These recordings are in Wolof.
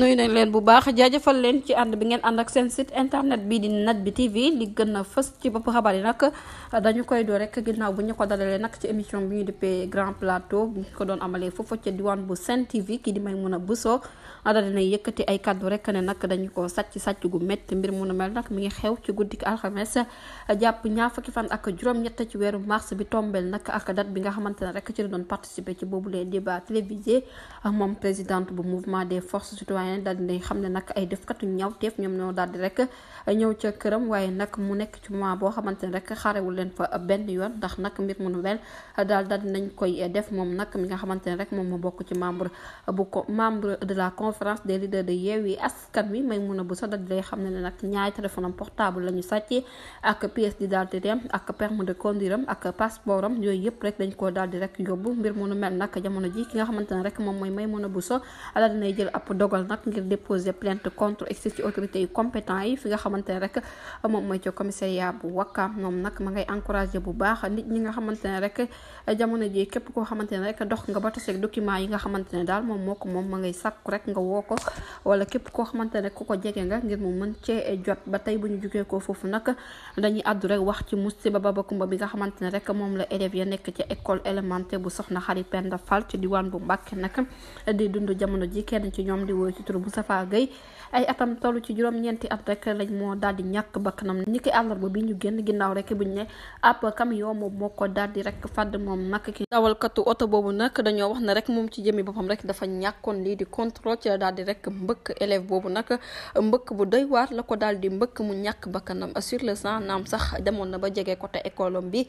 nuyu ne leen bu baax jaajëfal leen ci ànd bi ngeen ànd ak seen site internet bii di net bi TV li gën a fës ci bopp xabaar yi nag dañu koy doo rek ginnaaw bu ñu ko dalalee nag ci émission bi ñu dippee grand plateau bu ko doon amalee foofu ca diwaan bu Sen TV kii di Maimouna Bousso daal dina yëkkati ay kaddu rek ne nag dañu ko sàcc sàcc gu métti mbir mu nu mel nag mu ngi xew ci guddi guddik alxames jàpp ñaar fukki fan ak juróom-ñett ci weeru mars bi tombel nag ak date bi nga xamante ne rek ci la doon participer ci boobu les débats télévisés moom présidente bu mouvement des forces citoyennes citoyen daal di xam ne nag ay defkatu ñawteef ñoom ñoo daal di rek ñëw ca këram waaye nag mu nekk ci yoon ndax nag mbir mu nu mel daal daal dinañ koy def moom nag mi nga xamante ne rek moom moo bokk ci membre bu ko membre de la conférence des leaders de Yewwi Askan Wi Maïmouna Bousso daal di lay xam ne nag ñaari téléphone am portable la ñu sàccee ak pièce d'identité am ak permis de conduire am ak passeport am yooyu yëpp rek dañ koo daal di rek yóbbu mbir mu nu mel nag jamono ji ki nga xamante ne rek moom mooy Maïmouna Bousso daal dinay jël ab dogal nag nag ngir déposer plainte contre excès ci autorités yu compétent yi fi nga xamante ne rek moom mooy ci commissariat bu Wakam moom nag ma ngay encouragé bu baax nit ñi nga xamante ne rek jamono ji képp koo xamante ne rek dox nga ba taseeg document yi nga xamante ne daal moom moo ko moom ma ngay sàkku rek nga woo ko wala képp koo xamante ne ku ko jege nga ngir mu mën cee jot ba tey bu ñu jugee ko foofu nag dañuy àddu rek wax ci musiba baba kumba bi nga xamante ne rek moom la élèves ya nekk ci école élémentaire bu soxna xari Penda Fall ci diwaan bu Mbàkke nag di dund jamono kenn ci ñoom di woy ci bu Moustapha Gueye ay atam toll ci juróom-ñeenti at rek lañ moo daal di ñàkk bakkanam ñi ki àllarba bi ñu génn ginnaaw rek buñ ne ab camion moom moo ko daal di rek fàdd moom nag ki dawalkatu oto boobu nag dañoo wax ne rek moom ci jëmi boppam rek dafa ñàkkoon lii di contrôle ci la daal di rek mbëkk élève boobu nag mbëkk bu doy waar la ko daal di mbëkk mu ñàkk bakkanam sur le sang naam sax demoon na ba jege côté école am bi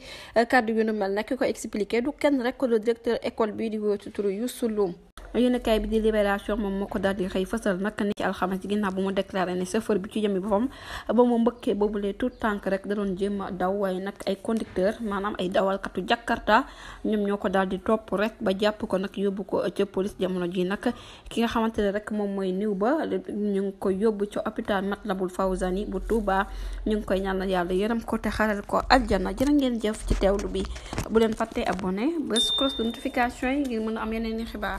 kàddu yu nu mel nag ko expliqué du kenn rek le directeur école bi di wóotu turu Youssou Loum yéenekaay bi di libération moom moo ko daal di xëy fësal nag ni ci alxames yi ginnaaw bu mu déclaré ne chauffeur bi ci jëmmi boppam ba mu mbëkkee boobulee tout tànk rek da doon jéem a daw waaye nag ay conducteur maanaam ay dawal katu Jakarta ñoom ñoo ko daal di topp rek ba jàpp ko nag yóbbu ko ca police jamono ji nag ki nga xamante ne rek moom mooy niw ba ñu ngi ko yóbbu ca hôpital Matlaboul Fawzani bu Touba ñu ngi koy ñaanal yàlla yërëm ko te xaral ko aljana jërë ngeen jëf ci teewlu bi bu de notification a am yeneen xibaar